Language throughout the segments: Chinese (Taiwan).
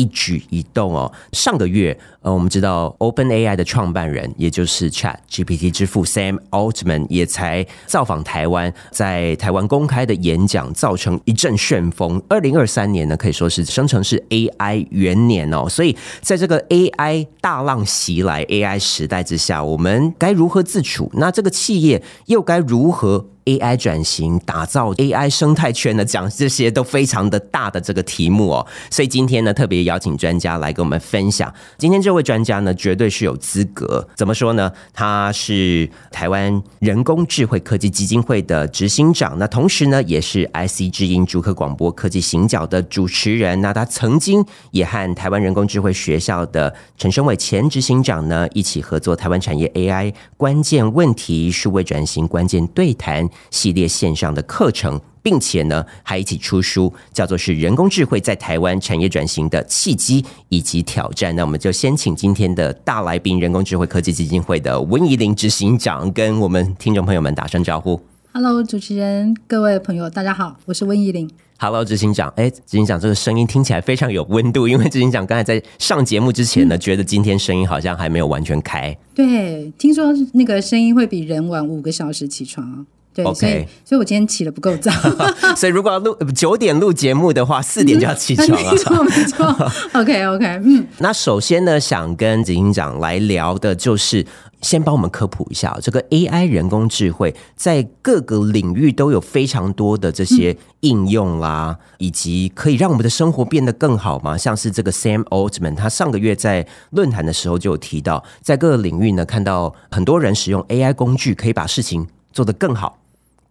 一舉一動哦，上個月呃、嗯，我們知道 OpenAI 的創辦人，也就是 ChatGPT 之父 Sam Altman 也才造訪台灣，在台灣公開的演講，造成一陣旋風。二零二三年呢，可以說是生成式 AI 元年哦，所以在這個 AI 大浪襲來 AI 時代之下，我們該如何自處？那這個企業又該如何？AI 轉型、打造 AI 生態圈的，講這些都非常的大的這個題目哦、喔。所以今天呢，特別邀請專家來跟我們分享。今天這位專家呢，絕對是有資格。怎麼說呢？他是台灣人工智慧科技基金會的執行長，那同時呢，也是 IC 之音竹科廣播科技行腳的主持人。那他曾經也和台灣人工智慧學校的陳昇瑋前執行長呢，一起合作台灣產業 AI 關鍵問題，數位轉型關鍵對談。系列線上的課程，並且呢還一起出書，叫做是“人工智慧在台灣產業轉型的契機以及挑戰”。那我們就先請今天的大來賓——人工智慧科技基金會的溫怡伶執行長，跟我們聽眾朋友們打聲招呼。哈嘍，主持人，各位朋友，大家好，我是溫怡伶。哈嘍，執行長，誒、欸，執行長，這個聲音聽起來非常有溫度，因為執行長剛才在上節目之前呢，嗯、覺得今天聲音好像還沒有完全開。對，聽說那個聲音會比人晚五個小時起床。對 OK，所以,所以我今天起得不夠早， 所以如果要錄九點錄節目的話，四點就要起床了。沒錯、嗯嗯，沒錯。 OK，OK，okay, okay, 嗯。那首先呢，想跟執行長來聊的，就是先幫我們科普一下，這個 AI 人工智慧在各個領域都有非常多的這些應用啦，嗯、以及可以讓我們的生活變得更好嘛。像是這個 Sam Altman 他上個月在論壇的時候就有提到，在各個領域呢，看到很多人使用 AI 工具，可以把事情做得更好。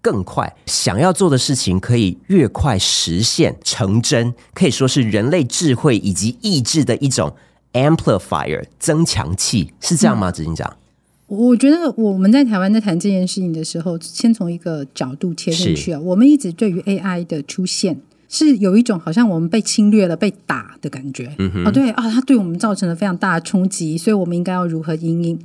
更快，想要做的事情可以越快實現成真，可以說是人類智慧以及意志的一種 amplifier 增強器，是這樣嗎？執、嗯、行長，我覺得我們在台灣在談這件事情的時候，先從一個角度切入去。是我們一直對於 AI 的出現是有一種好像我們被侵略了、被打的感覺。嗯、哼哦，對啊，它、哦、對我們造成了非常大的衝擊，所以我們應該要如何因應？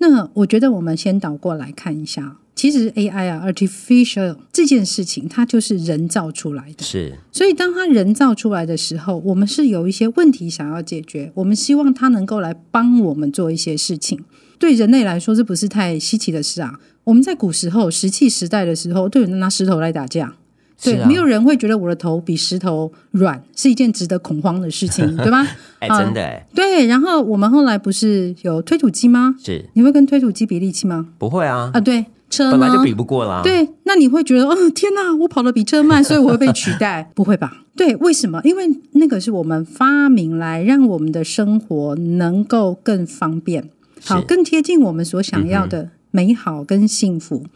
那我覺得我們先倒過來看一下。其實 AI 啊，Artificial 這件事情，它就是人造出來的。是，所以當它人造出來的時候，我們是有一些問題想要解決，我們希望它能夠來幫我們做一些事情。對人類來說，這不是太稀奇的事啊。我們在古時候石器時代的時候，都有人拿石頭來打架，對，啊、沒有人會覺得我的頭比石頭軟是一件值得恐慌的事情，對吧？哎、 欸，呃、真的、欸、對，然後我們後來不是有推土機嗎？是，你會跟推土機比力氣嗎？不會啊。啊，對。車本來就比不過啦、啊。對，那你會覺得，哦、呃，天哪、啊，我跑得比車慢，所以我會被取代？ 不會吧？對，為什麼？因為那個是我們發明來讓我們的生活能夠更方便，是好，更貼近我們所想要的美好跟幸福。嗯嗯，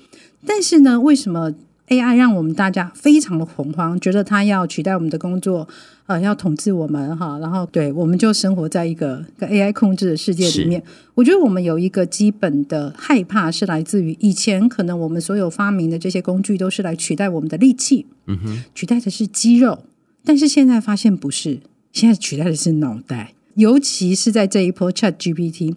但是呢，為什麼？AI 讓我們大家非常的恐慌，覺得它要取代我們的工作，呃，要統治我們哈。然後對，對，我們就生活在一個，一個 AI 控制的世界裡面。是我覺得我們有一個基本的害怕是來自於以前可能我們所有發明的這些工具都是來取代我們的力氣，嗯哼，取代的是肌肉。但是現在發現不是，現在取代的是腦袋，尤其是在這一波 ChatGPT。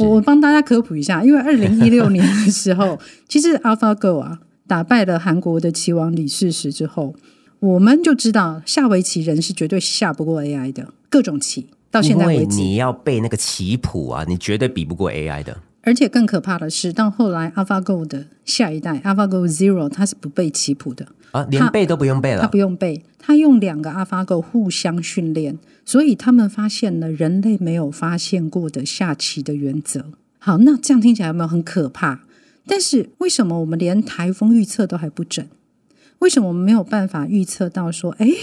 我是我幫大家科普一下，因為二零一六年的時候， 其實 AlphaGo 啊。打敗了韓國的棋王李世石之後，我們就知道下圍棋人是絕對下不過 AI 的。各種棋到現在為止，因為你要背那個棋譜啊，你絕對比不過 AI 的。而且更可怕的是，到後來 AlphaGo 的下一代 AlphaGo Zero，它是不背棋譜的啊，連背都不用背了他，他不用背，它用兩個 AlphaGo 互相訓練，所以他們發現了人類沒有發現過的下棋的原則。好，那這樣聽起來有沒有很可怕？但是為什麼我們連台風預測都還不準？為什麼我們沒有辦法預測到說，誒，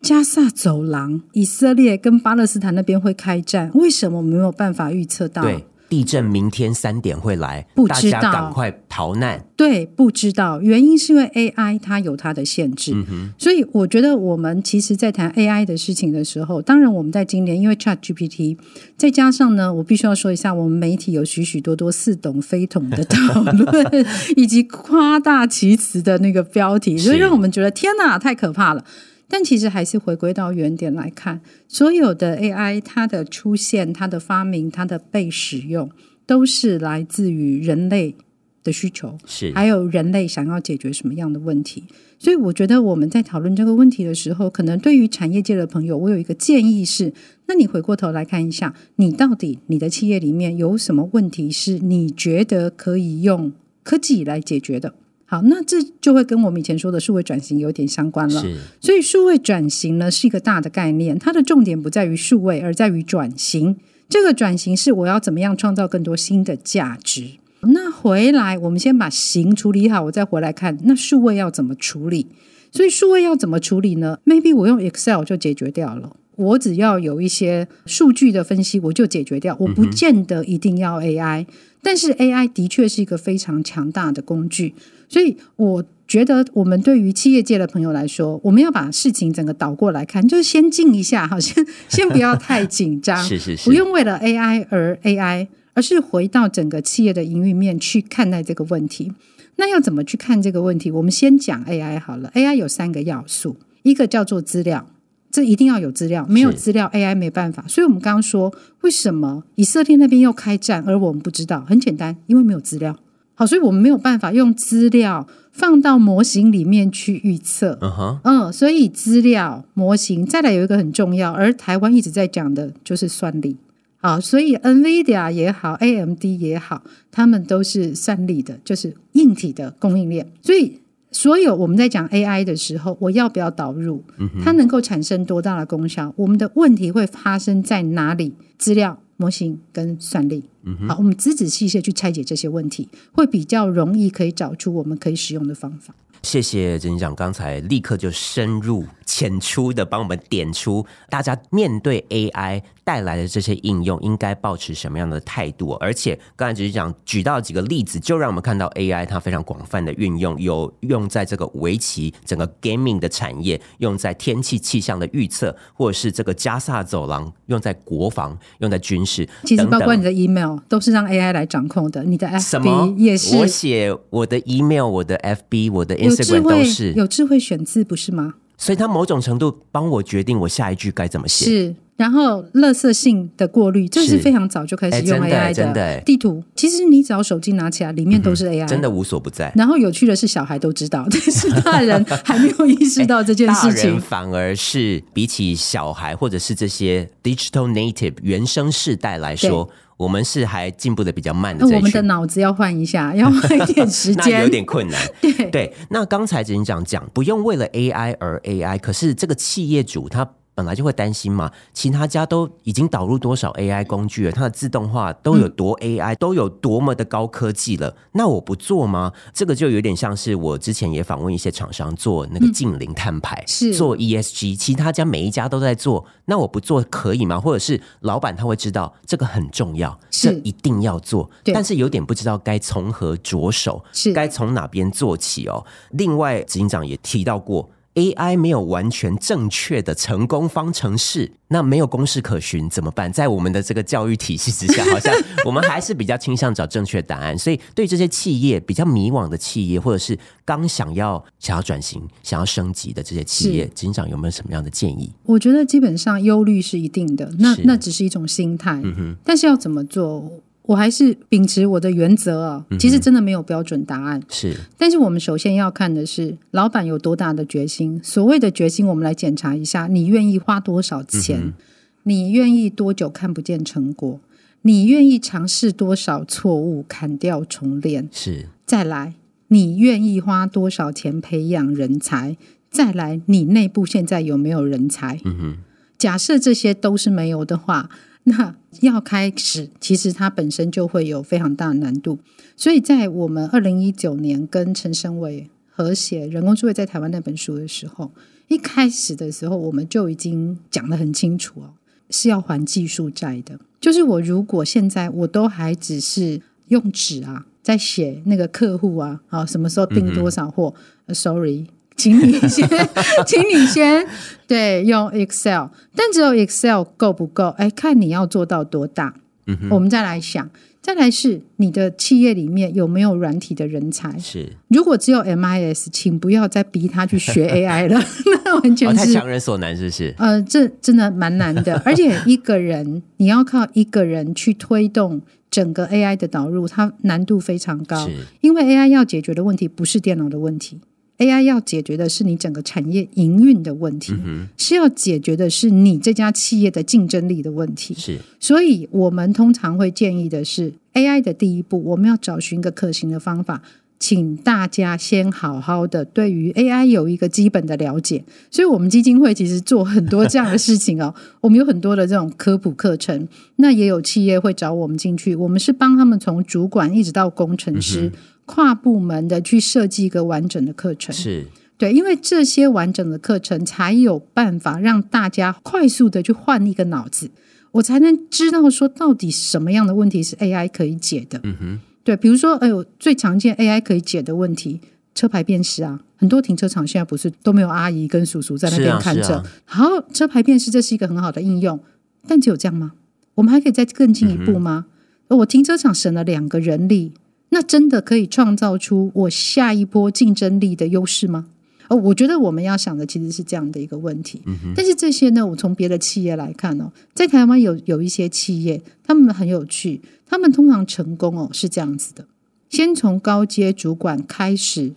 加薩走廊、以色列跟巴勒斯坦那邊會開戰？為什麼我們沒有辦法預測到？地震明天三點會來，不知道大家趕快逃難。對，不知道原因是因為 AI 它有它的限制，嗯、哼所以我覺得我們其實，在談 AI 的事情的時候，當然我們在今年因為 Chat GPT，再加上呢，我必須要說一下，我們媒體有許許多多似懂非懂的討論， 以及誇大其詞的那個標題，所以讓我們覺得是天哪，太可怕了。但其實還是回歸到原點來看，所有的 AI 它的出現、它的發明、它的被使用，都是來自於人類的需求，是還有人類想要解決什麼樣的問題。所以，我覺得我們在討論這個問題的時候，可能對於產業界的朋友，我有一個建議是，那你回過頭來看一下，你到底你的企業裡面有什麼問題是你覺得可以用科技來解決的？好，那這就會跟我們以前說的數位轉型有點相關了。是所以數位轉型呢是一個大的概念，它的重點不在於數位，而在於轉型。這個轉型是我要怎麼樣創造更多新的價值。嗯、那回來我們先把型處理好，我再回來看那數位要怎麼處理。所以數位要怎麼處理呢？Maybe 我用 Excel 就解決掉了。我只要有一些數據的分析，我就解決掉。我不見得一定要 AI、嗯、哼但是 AI 的確是一個非常強大的工具。所以我覺得，我們對於企業界的朋友來說，我們要把事情整個倒過來看，就是先靜一下，好像，先先不要太緊張， 是是是是，不用為了 AI 而 AI，而是回到整個企業的營運面去看待這個問題。那要怎麼去看這個問題？我們先講 AI 好了。AI 有三個要素，一個叫做資料。這一定要有資料，沒有資料 AI 沒辦法。是所以，我們剛剛說，為什麼以色列那邊又開戰，而我們不知道？很簡單，因為沒有資料。好，所以我們沒有辦法用資料放到模型裡面去預測。Uh huh、嗯哼，所以資料模型再來有一個很重要，而台灣一直在講的就是算力。好，所以 NVIDIA 也好，AMD 也好，他們都是算力的，就是硬體的供應鏈。所以。所有我們在講 AI 的時候，我要不要導入？嗯、哼它能夠產生多大的功效？我們的問題會發生在哪裡？資料、模型跟算力，嗯、哼好，我們仔仔細細去拆解這些問題，會比較容易可以找出我們可以使用的方法。謝謝溫執行長，剛才立刻就深入淺出的幫我們點出大家面對 AI 帶來的這些應用應該保持什麼樣的態度？而且剛才只是講，舉到幾個例子，就讓我們看到 AI 它非常廣泛的運用，有用在這個圍棋、整個 gaming 的產業，用在天氣氣象的預測，或者是這個加薩走廊，用在國防、用在軍事等等。其實包括你的 email 都是讓 AI 來掌控的，你的 FB 也是。什麼？我寫我的 email，我的 FB，我的 Instagram 都是有智慧選字，不是嗎？所以他某種程度，幫我決定我下一句該怎麼寫。是，然後垃圾性的過濾，就是非常早就開始用 AI 的。地圖，其實你只要手機拿起來，裡面都是 AI，的、嗯、真的無所不在。然後有趣的是，小孩都知道，但是大人還沒有意識到這件事情。 欸、反而，是比起小孩或者是這些 digital native 原生世代來說。我們是還進步的比較慢的這一群，我們的腦子要換一下，要換一點時間， 那有點困難。 對對，那剛才執行長講，不用為了 AI 而 AI，可是這個企業主他。本來就會擔心嘛，其他家都已經導入多少 AI 工具了，它的自動化都有多 AI、嗯、都有多麼的高科技了，那我不做嗎？這個就有點像是我之前也訪問一些廠商做那個淨零碳排、嗯，是做 ESG，其他家每一家都在做，那我不做可以嗎？或者是老闆他會知道這個很重要，是這一定要做，對但是有點不知道該從何着手，是該從哪邊做起哦、喔。另外，執行長也提到過。AI 沒有完全正確的成功方程式，那沒有公式可循怎麼辦？在我們的這個教育體系之下，好像我們還是比較傾向找正確答案。 所以，對這些企業比較迷惘的企業，或者是剛想要想要轉型、想要升級的這些企業，執行長是有沒有什麼樣的建議？我覺得基本上憂慮是一定的，那是那只是一種心態。嗯、哼但是要怎麼做？我還是秉持我的原則啊、哦，其實真的沒有標準答案。嗯、是，但是我們首先要看的是老闆有多大的決心。所謂的決心，我們來檢查一下：你願意花多少錢？嗯哼。你願意多久看不見成果？你願意嘗試多少錯誤，砍掉重練？是。再來，你願意花多少錢培養人才？再來，你內部現在有沒有人才？嗯哼。假設這些都是沒有的話。那要開始，其實它本身就會有非常大的難度，所以在我們二零一九年跟陳昇瑋合寫《人工智慧在台灣》那本書的時候，一開始的時候我們就已經講得很清楚哦、啊，是要還技術債的。就是我如果現在我都還只是用紙啊在寫那個客戶啊，啊什麼時候訂多少貨、嗯 uh,，sorry，請你先， 請你先。對，用 Excel，但只有 Excel 夠不夠？哎，看你要做到多大，嗯、哼我們再來想。再來是你的企業裡面有沒有軟體的人才？是，如果只有 MIS，請不要再逼他去學 AI 了， 那完全是、哦、太強人所難，是不是？呃，這真的蠻難的， 而且一個人你要靠一個人去推動整個 AI 的導入，它難度非常高，是因為 AI 要解決的問題不是電腦的問題。AI 要解決的是你整個產業營運的問題，嗯、哼是要解決的是你這家企業的競爭力的問題。是所以我們通常會建議的是，AI 的第一步，我們要找尋一個可行的方法。請大家先好好的對於 AI 有一個基本的了解，所以我們基金會其實做很多這樣的事情哦。 我們有很多的這種科普課程，那也有企業會找我們進去，我們是幫他們從主管一直到工程師，嗯哼。跨部門的去設計一個完整的課程。是對，因為這些完整的課程才有辦法讓大家快速的去換一個腦子，我才能知道說到底什麼樣的問題是 AI 可以解的。嗯哼。對，比如說，哎呦、呃，最常見 AI 可以解的問題，車牌辨識啊，很多停車場現在不是都沒有阿姨跟叔叔在那邊看着，啊啊、好，車牌辨識這是一個很好的應用，但只有這樣嗎？我們還可以再更進一步嗎？嗯哼、呃、我停車場省了兩個人力，那真的可以創造出我下一波競爭力的優勢嗎？哦、我覺得我們要想的其實是這樣的一個問題。嗯、哼但是這些呢，我從別的企業來看哦，在台灣有有一些企業，他們很有趣，他們通常成功哦，是這樣子的：先從高階主管開始，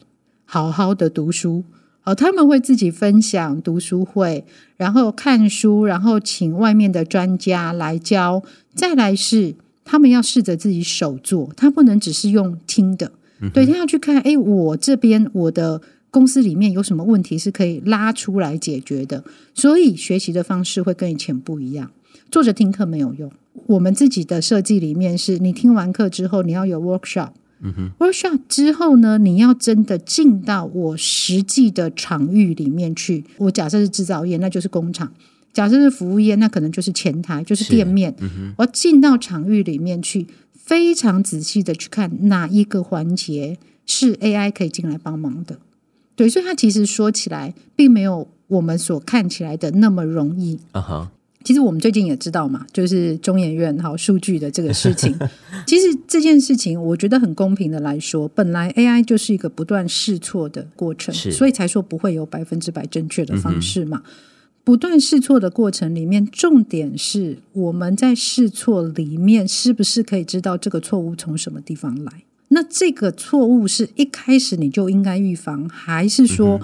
好好的讀書、哦，他們會自己分享讀書會，然後看書，然後請外面的專家來教，再來是他們要試着自己手做，他不能只是用聽的，嗯、哼對，他要去看，哎，我這邊，我的。公司裡面有什麼問題是可以拉出來解決的？所以學習的方式會跟以前不一樣。坐着聽課沒有用。我們自己的設計裡面是：你聽完課之後，你要有 workshop。嗯哼，workshop 之後呢，你要真的進到我實際的場域裡面去。我假設是製造業，那就是工廠；假設是服務業，那可能就是前台，就是店面。我進到場域裡面去，非常仔細的去看哪一個環節是 AI 可以進來幫忙的。對，所以它其實說起來，並沒有我們所看起來的那麼容易。啊哈、uh！Huh. 其實我們最近也知道嘛，就是中研院好數據的這個事情。 其實這件事情，我覺得很公平的來說，本來 AI 就是一個不斷試錯的過程，是所以才說不會有百分之百正確的方式嘛。Uh huh. 不斷試錯的過程裡面，重點是我們在試錯裡面是不是可以知道這個錯誤從什麼地方來。那這個錯誤是一開始你就應該預防，還是說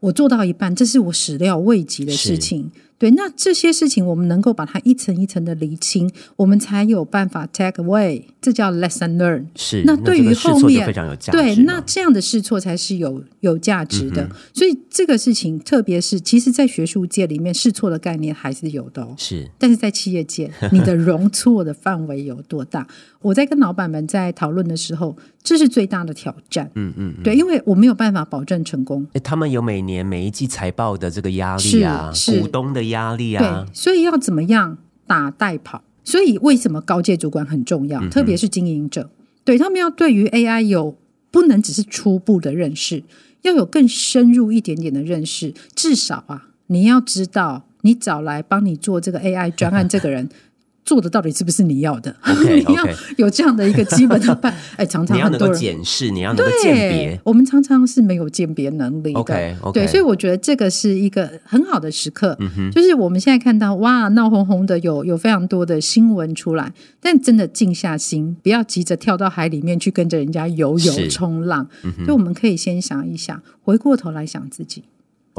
我做到一半，嗯、哼這是我始料未及的事情？是對，那這些事情我們能夠把它一層一層的理清，我們才有辦法 take away。這叫 lesson learn，是。那對於後面，對，那這樣的試錯才是有有價值的。嗯嗯。所以這個事情，特別是其實，在學術界裡面，試錯的概念還是有的哦。是，但是在企業界，你的容錯的範圍有多大？ 我在跟老闆們在討論的時候，這是最大的挑戰。嗯嗯嗯，對，因為我沒有辦法保證成功。他們有每年每一季財報的這個壓力啊，是，是，股東的壓力啊，對，所以要怎麼樣打帶跑？所以，為什麼高階主管很重要？特別是經營者，嗯、哼對，他們要對於 AI 有，不能只是初步的認識，要有更深入一點點的認識。至少啊，你要知道，你找來幫你做這個 AI 專案這個人， 做的到底是不是你要的？你要 Okay, okay. 有這樣的一個基本的判，哎、欸，常常很多人你要能夠檢視，你要能夠鑑別。我們常常是沒有鑑別能力的，Okay, okay. 對，所以我覺得這個是一個很好的時刻。嗯、哼就是我們現在看到哇，鬧哄哄的，有有非常多的新聞出來，但真的靜下心，不要急着跳到海裡面去跟着人家游泳、衝浪，嗯、就我們可以先想一想，回過頭來想自己。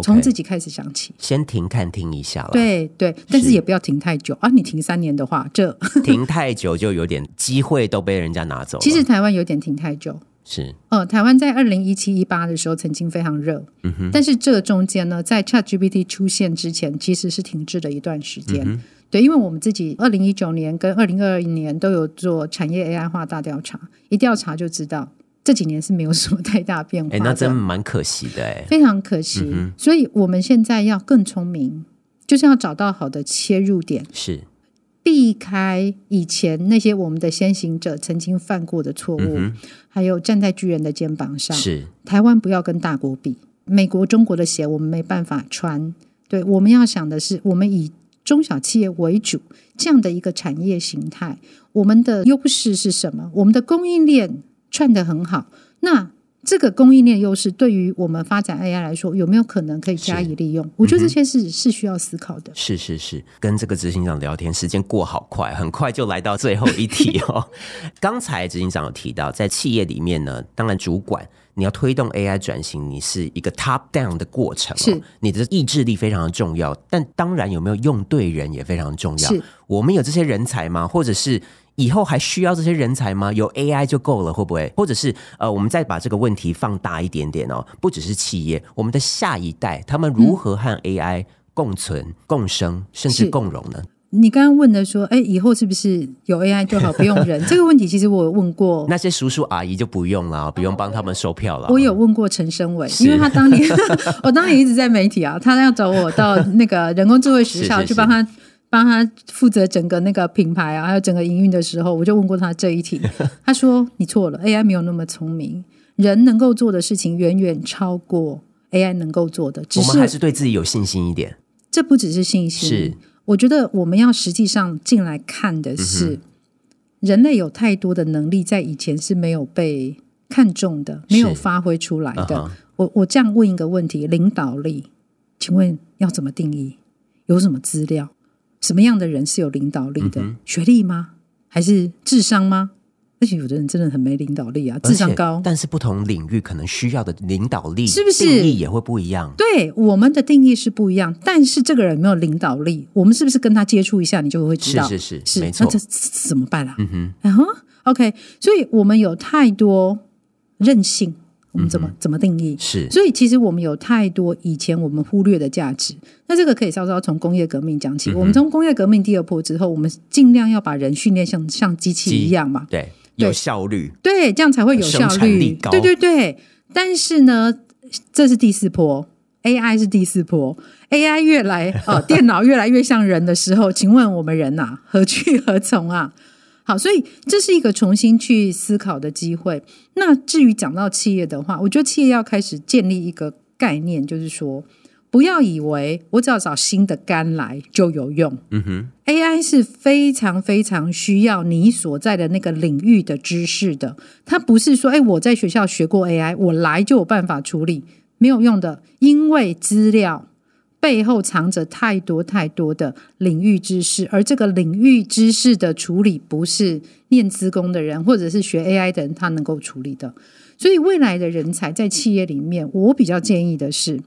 從 Okay, 自己開始想起，先停看聽一下。對對，對是，但是也不要停太久啊！你停三年的話，這 停太久就有點機會都被人家拿走。其實台灣有點停太久，是呃，台灣在二零一七一八的時候曾經非常熱，嗯、哼但是這中間呢，在 ChatGPT 出現之前，其實是停滯了一段時間。嗯、哼對，因為我們自己二零一九年跟二零二一年都有做產業 AI 化大調查，一調查就知道。這幾年是沒有什麼太大變化，哎，那真蠻可惜的，哎，非常可惜。所以我們現在要更聰明，就是要找到好的切入點，是避開以前那些我們的先行者曾經犯過的錯誤，還有站在巨人的肩膀上。是台灣不要跟大國比，美國、中國的鞋我們沒辦法穿。對，我們要想的是，我們以中小企業為主這樣的一個產業形態，我們的優勢是什麼？我們的供應鏈。串得很好，那這個供應鏈優勢對於我們發展 AI 來說，有沒有可能可以加以利用？嗯、我覺得這些事是需要思考的。是是是，跟這個執行長聊天，時間過好快，很快就來到最後一題哦、喔。剛 才執行長有提到，在企業裡面呢，當然主管你要推動 AI 轉型，你是一個 top down 的過程、喔，是你的意志力非常的重要。但當然，有沒有用對人也非常重要。是我們有這些人才嗎？或者是？以後還需要這些人才嗎？有 AI 就夠了，會不會？或者是呃，我們再把這個問題放大一點點哦，不只是企業，我們的下一代他們如何和 AI 共存、嗯、共生，甚至共融呢？你剛剛問的說，哎，以後是不是有 AI 就好不用人？ 這個問題其實我有問過那些叔叔阿姨就不用了，不用幫他們收票了。我有問過陳昇瑋，因為他當年 我當年一直在媒體啊，他要找我到那個人工智慧學校 是是是去幫他。當他負責整個那個品牌啊，還有整個營運的時候，我就問過他這一題。他說：“你錯了，AI 沒有那麼聰明，人能夠做的事情遠遠超過 AI 能夠做的。只是，”我們還是對自己有信心一點。這不只是信心，是我覺得我們要實際上進來看的是，嗯、哼人類有太多的能力在以前是沒有被看中的，是沒有發揮出來的。嗯、哼我我這樣問一個問題：領導力，請問要怎麼定義？有什麼資料？什麼樣的人是有領導力的？嗯哼。學歷嗎？還是智商嗎？而且有的人真的很沒領導力啊！而且，智商高，但是不同領域可能需要的領導力是不是？定義也會不一樣？對，我們的定義是不一樣。但是這個人沒有領導力，我們是不是跟他接觸一下，你就會知道？是是是，是沒錯。那這，這，這怎麼辦啊？嗯哼，嗯哈、uh huh?，OK。所以我們有太多任性。我們怎麼、嗯、哼怎麼定義？是，所以其實我們有太多以前我們忽略的價值。那這個可以稍稍從工業革命講起。嗯、哼我們從工業革命第二波之後，我們儘量要把人訓練像像機器一樣嘛，對，對有效率，對，這樣才會有效率，對對對。但是呢，這是第四波，AI 是第四波，AI 越來啊、呃，電腦越來越像人的時候， 請問我們人吶、啊，何去何從啊？好，所以這是一個重新去思考的機會。那至於講到企業的話，我覺得企業要開始建立一個概念，就是說，不要以為我只要找新的肝來就有用。嗯哼，AI 是非常非常需要你所在的那個領域的知識的。它不是說，欸，我在學校學過 AI，我來就有辦法處理，沒有用的，因為資料，背後藏着太多太多的領域知識，而這個領域知識的處理不是念資工的人或者是學 AI 的人他能夠處理的。所以未來的人才在企業裡面，我比較建議的是，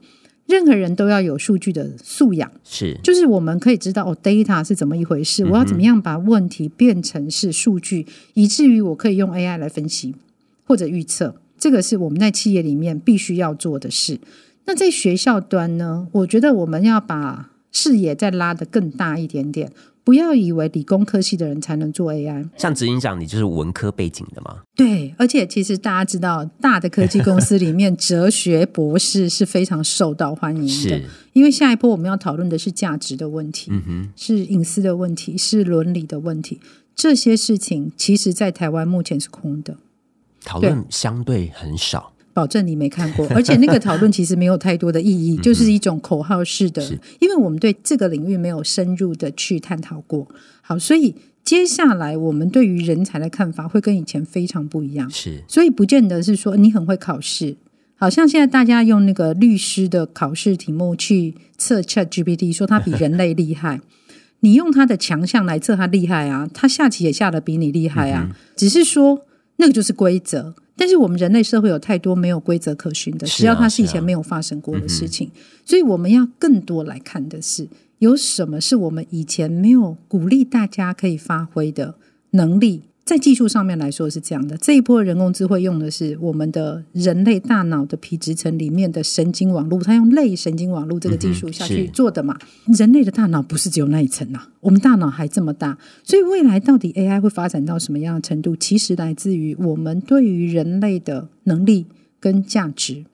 任何人都要有數據的素養。是，就是我們可以知道哦，data 是怎麼一回事，我要怎麼樣把問題變成是數據，嗯哼。以至於我可以用 AI 來分析或者預測。這個是我們在企業裡面必須要做的事。那在學校端呢？我覺得我們要把視野再拉得更大一點點，不要以為理工科系的人才能做 AI。像執行長，你就是文科背景的嘛？對，而且其實大家知道，大的科技公司裡面， 哲學博士是非常受到歡迎的。是因為下一波我們要討論的是價值的問題，嗯、哼是隱私的問題，是倫理的問題。這些事情其實，在台灣目前是空的，討論相對很少。保證你沒看過，而且那個討論其實沒有太多的意義， 就是一種口號式的，嗯、是因為我們對這個領域沒有深入的去探討過。好，所以接下來我們對於人才的看法會跟以前非常不一樣。是，所以不見得是說你很會考試。好像現在大家用那個律師的考試題目去測 ChatGPT，說他比人類厲害。 你用他的強項來測他厲害啊，他下棋也下得比你厲害啊，嗯、哼只是說那個就是規則。但是我們人類社會有太多沒有規則可循的，啊、只要它是以前沒有發生過的事情，啊啊、嗯嗯，所以我們要更多來看的是，有什麼是我們以前沒有鼓勵大家可以發揮的能力。在技術上面來說是這樣的，這一波人工智慧用的是我們的人類大腦的皮質層裡面的神經網絡，它用類神經網絡這個技術下去做的嘛。嗯、人類的大腦不是只有那一層吶，我們大腦還這麼大，所以未來到底 AI 會發展到什麼樣的程度，其實來自於我們對於人類的能力跟價值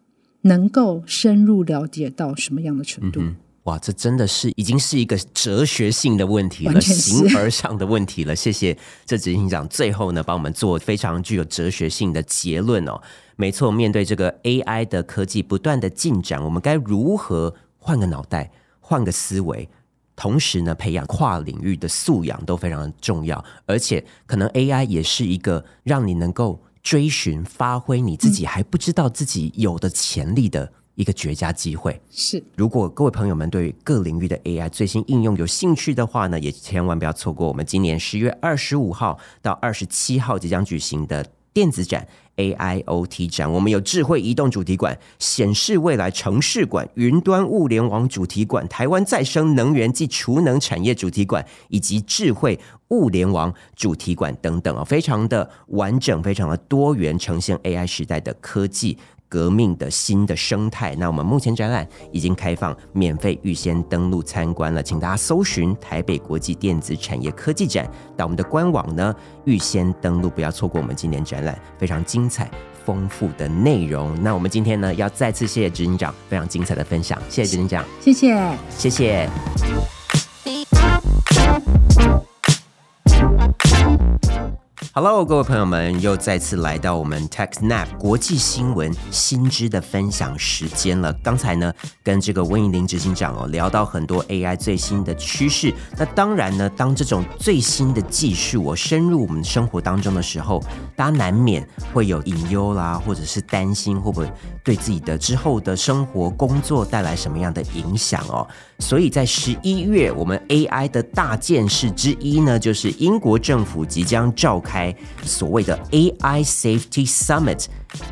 能夠深入了解到什麼樣的程度。嗯哇，這真的是已經是一個哲學性的問題了，形而上的問題了。謝謝這執行長，最後呢幫我們做非常具有哲學性的結論哦。沒錯，面對這個 AI 的科技不斷的進展，我們該如何換個腦袋、換個思維，同時呢培養跨領域的素養都非常重要。而且，可能 AI 也是一個讓你能夠追尋、發揮你自己還不知道自己有的潛力的、嗯。一個絕佳機會是，如果各位朋友們對各領域的 AI 最新應用有興趣的話呢，也千萬不要錯過我們今年十月二十五號到二十七號即將舉行的電子展 AIOT 展。我們有智慧移動主題館、顯示未來城市館、雲端物聯網主題館、台灣再生能源及儲能產業主題館以及智慧物聯網主題館等等啊，非常的完整，非常的多元，呈現 AI 時代的科技革命的新的生態。那我們目前展覽已經開放，免費預先登錄參觀了，請大家搜尋台北國際電子產業科技展到我們的官網呢，預先登錄，不要錯過我們今年展覽非常精彩豐富的內容。那我們今天呢，要再次謝謝執行長非常精彩的分享，謝謝執行長，謝謝謝謝。謝謝 Hello，各位朋友們，又再次來到我們 TechSnap 國際新聞新知的分享時間了。剛才呢，跟這個溫怡伶執行長哦聊到很多 AI 最新的趨勢。那當然呢，當這種最新的技術我、哦、深入我們生活當中的時候，大家難免會有隱憂啦，或者是擔心會不會。對自己的之後的生活、工作帶來什麼樣的影響哦？所以在十一月，我們 AI 的大件事之一呢，就是英國政府即將召開所謂的 AI Safety Summit，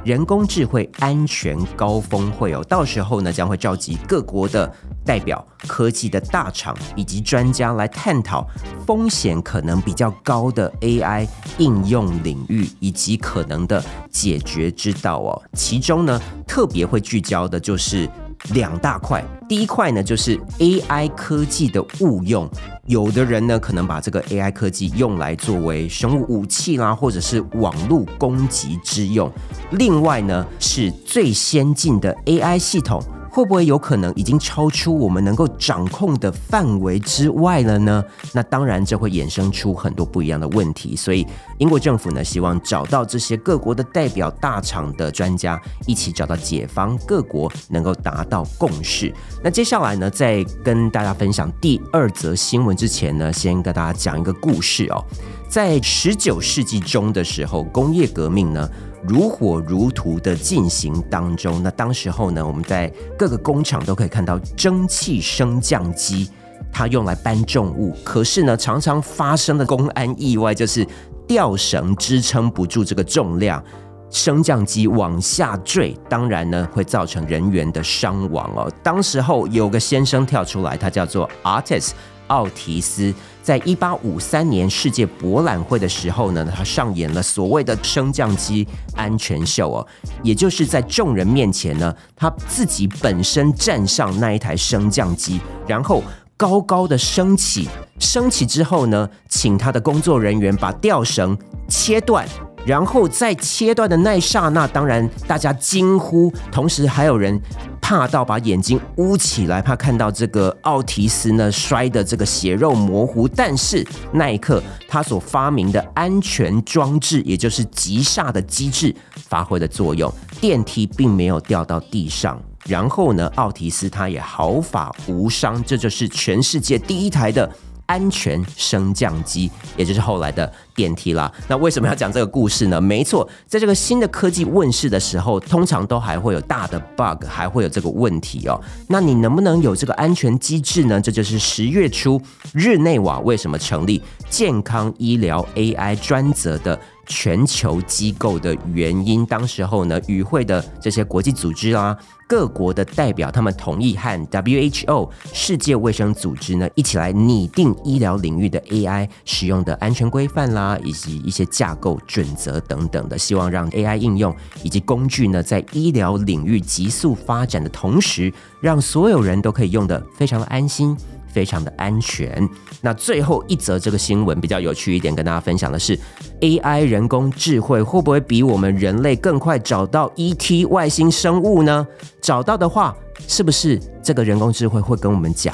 人工智慧安全高峰會哦。到時候呢，將會召集各國的。代表科技、的大廠以及專家來探討風險可能比較高的 AI 應用領域以及可能的解決之道哦。其中呢，特別會聚焦的就是兩大塊。第一塊呢，就是 AI 科技的誤用，有的人呢可能把這個 AI 科技用來作為生物武器啦，或者是網絡攻擊之用。另外呢，是最先進的 AI 系統。會不會有可能已經超出我們能夠掌控的範圍之外了呢？那當然，這會衍生出很多不一樣的問題。所以，英國政府呢，希望找到這些各國的代表、大廠的專家，一起找到解方，各國能夠達到共識。那接下來呢，在跟大家分享第二則新聞之前呢，先跟大家講一個故事哦。在十九世紀中的時候，工業革命呢，如火如荼的進行當中，那當時候呢，我們在各個工廠都可以看到蒸汽升降機，它用來搬重物，可是呢，常常發生的工安意外就是吊繩支撐不住這個重量，升降機往下墜，當然呢會造成人員的傷亡哦。當時候有個先生跳出來，他叫做 Artist。奧提斯在一八五三年世界博覽會的時候呢，他上演了所謂的升降機安全秀哦，也就是在眾人面前呢，他自己本身站上那一台升降機，然後高高的升起，升起之後呢，請他的工作人員把吊繩切斷，然後在切斷的那一剎那，當然大家驚呼，同時還有人。怕到把眼睛捂起來，怕看到這個奧提斯呢摔得這個血肉模糊。但是那一刻，他所發明的安全裝置，也就是急剎的機制發揮了作用，電梯並沒有掉到地上。然後呢，奧提斯他也毫髮無傷。這就是全世界第一台的安全升降機，也就是後來的。點題啦，那為什麼要講這個故事呢？沒錯，在這個新的科技問世的時候，通常都還會有大的 bug，還會有這個問題哦。那你能不能有這個安全機制呢？這就是十月初日內瓦為什麼成立健康醫療 AI 專責的全球機構的原因。當時候呢，與會的這些國際組織啦，各國的代表，他們同意和 WHO 世界衛生組織呢一起來擬定醫療領域的 AI 使用的安全規範啦。啊，以及一些架構準則等等的，希望讓 AI 應用以及工具呢，在醫療領域急速發展的同時，讓所有人都可以用得非常的安心、非常的安全。那最後一則這個新聞比較有趣一點，跟大家分享的是，AI 人工智慧會不會比我們人類更快找到 ET 外星生物呢？找到的話，是不是這個人工智慧會跟我們講？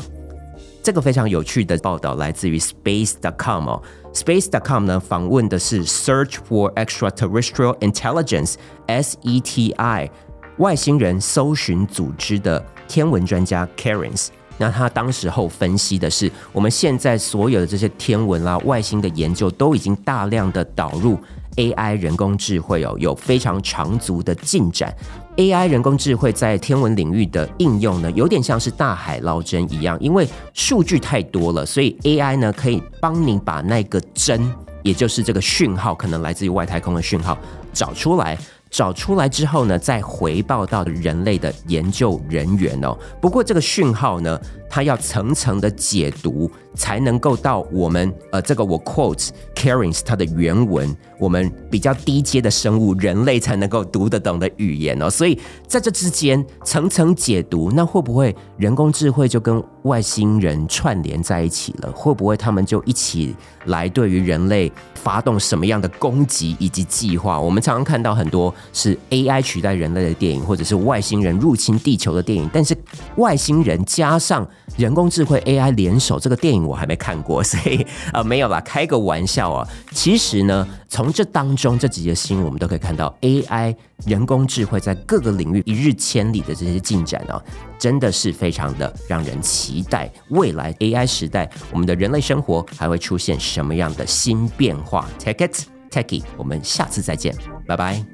這個非常有趣的報道來自於 Space.com 哦。Space.com 呢，訪問的是 Search for Extraterrestrial Intelligence SETI 外星人搜尋組織的天文專家 Karens，那他當時候分析的是，我們現在所有的這些天文啦、啊、外星的研究都已經大量的導入 AI 人工智慧哦，有非常長足的進展。AI 人工智慧在天文領域的應用呢，有點像是大海撈針一樣，因為數據太多了，所以 AI 呢可以幫你把那個針，也就是這個訊號，可能來自於外太空的訊號找出來。找出來之後呢，再回報到人類的研究人員哦、喔。不過這個訊號呢。他要層層的解讀，才能夠到我們呃，這個我 quotes Carins 他的原文，我們比較低階的生物人類才能夠讀得懂的語言哦。所以在這之間層層解讀，那會不會人工智慧就跟外星人串聯在一起了？會不會他們就一起來對於人類發動什麼樣的攻擊以及計劃？我們常常看到很多是 AI 取代人類的電影，或者是外星人入侵地球的電影，但是外星人加上人工智慧 AI 聯手這個電影我還沒看過，所以啊沒有了，開個玩笑啊、喔。其實呢，從這當中這幾集新聞我們都可以看到 AI 人工智慧在各個領域一日千里的這些進展啊、喔，真的是非常的讓人期待。未來 AI 時代，我們的人類生活還會出現什麼樣的新變化？Take it, take it，我們下次再見，拜拜。